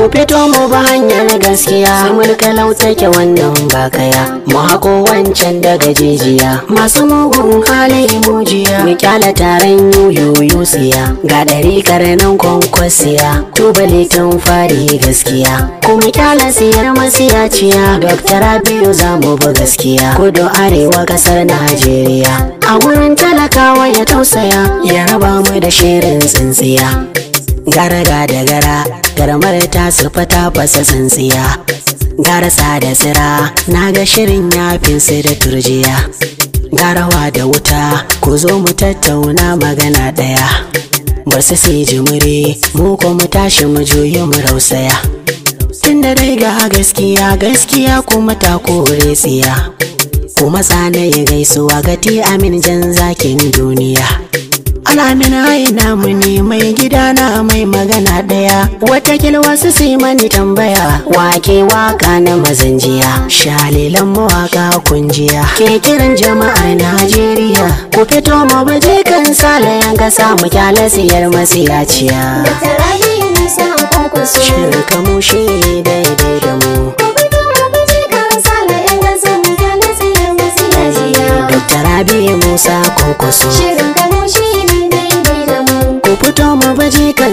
ku fito mu ba hanyar gaskiya samar take wannan bakaya mu hako wancan daga jijiya masu mugun hali mujiya mu kyala tarin yoyo yusiya ga ɗari karanan kwankwasiya tubali tun fari gaskiya Ku mu kyala siyar masiyaciya dr abiyu za mu bi gaskiya kudu arewa kasar najeriya a wurin talakawa ya tausaya ya raba mu da shirin tsintsiya gara da gara karamar ta surfa ta fasa tsintsiya garasa da tsira na ga shirin ya su da turjiya garawa da wuta ku zo mu tattauna magana ɗaya bar su sai jimiri mu ko mu tashi mu juyi mu rausaya tun da dai ga gaskiya gaskiya kuma ta kore tsiya kuma tsanayi gaisuwa ga ti amin jan zakin duniya alamin aina mu ne mai gida magana daya wata wasu su mani tambaya wake waka na mazanjiya shalilan mawaka kunjiya ke kiran jama'a Najeriya ku fito ma baje kan salayan ka samu kyalasiyar masiyaciya Shirin mu shi daidai da mu Dr. Rabi Musa Kwankwaso Shirin kamo shi ne daidai da mu Ku fito mu